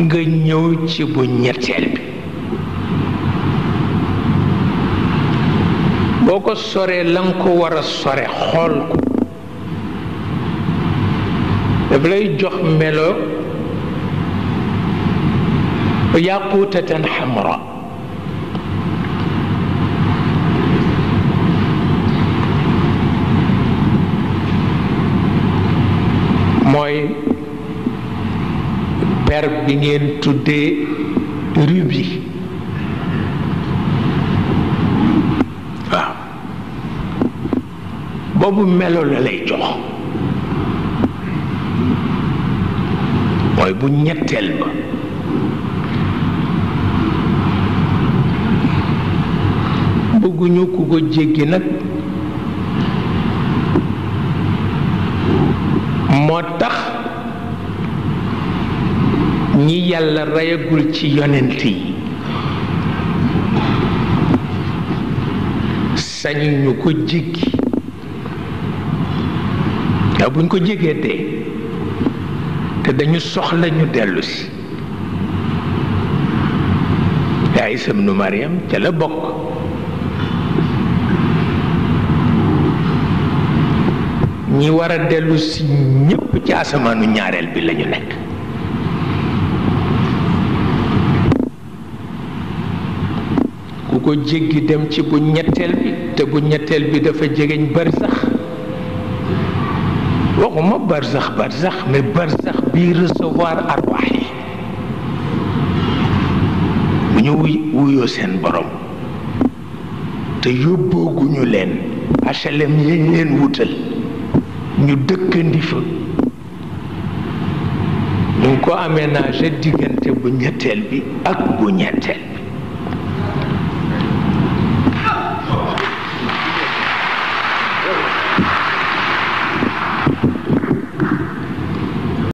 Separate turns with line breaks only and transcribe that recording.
nga ñëw ci bu ñetteel bi boo ko soree la nga ko war a sore xool ko daf lay jox melo yaquutatan xamra per bi ngeen tuddee rubis waaw boobu melo la lay jox mooy bu ñetteel ba bëgguñu ku ko jéggi nag moo tax ñi yàlla reyagul ci yonent yi sañu ñu ko jéggi te buñ ko jégee te dañu soxla ñu dellu si te Isa ibnu ca la bokk ñi war a dellu ñépp ci asamaanu ñaareel bi lañu nekk ko jéggi dem ci bu ñetteel bi te bu ñetteel bi dafa jegeñ barsax waxuma barsax barsax mais barsax bi recevoir arwaax yi bu ñu wuyoo seen borom te yóbbooguñu leen HLM yañ leen wutal ñu dëkkandi fa ñu ngi ko aménagé diggante bu ñetteel bi ak bu ñetteel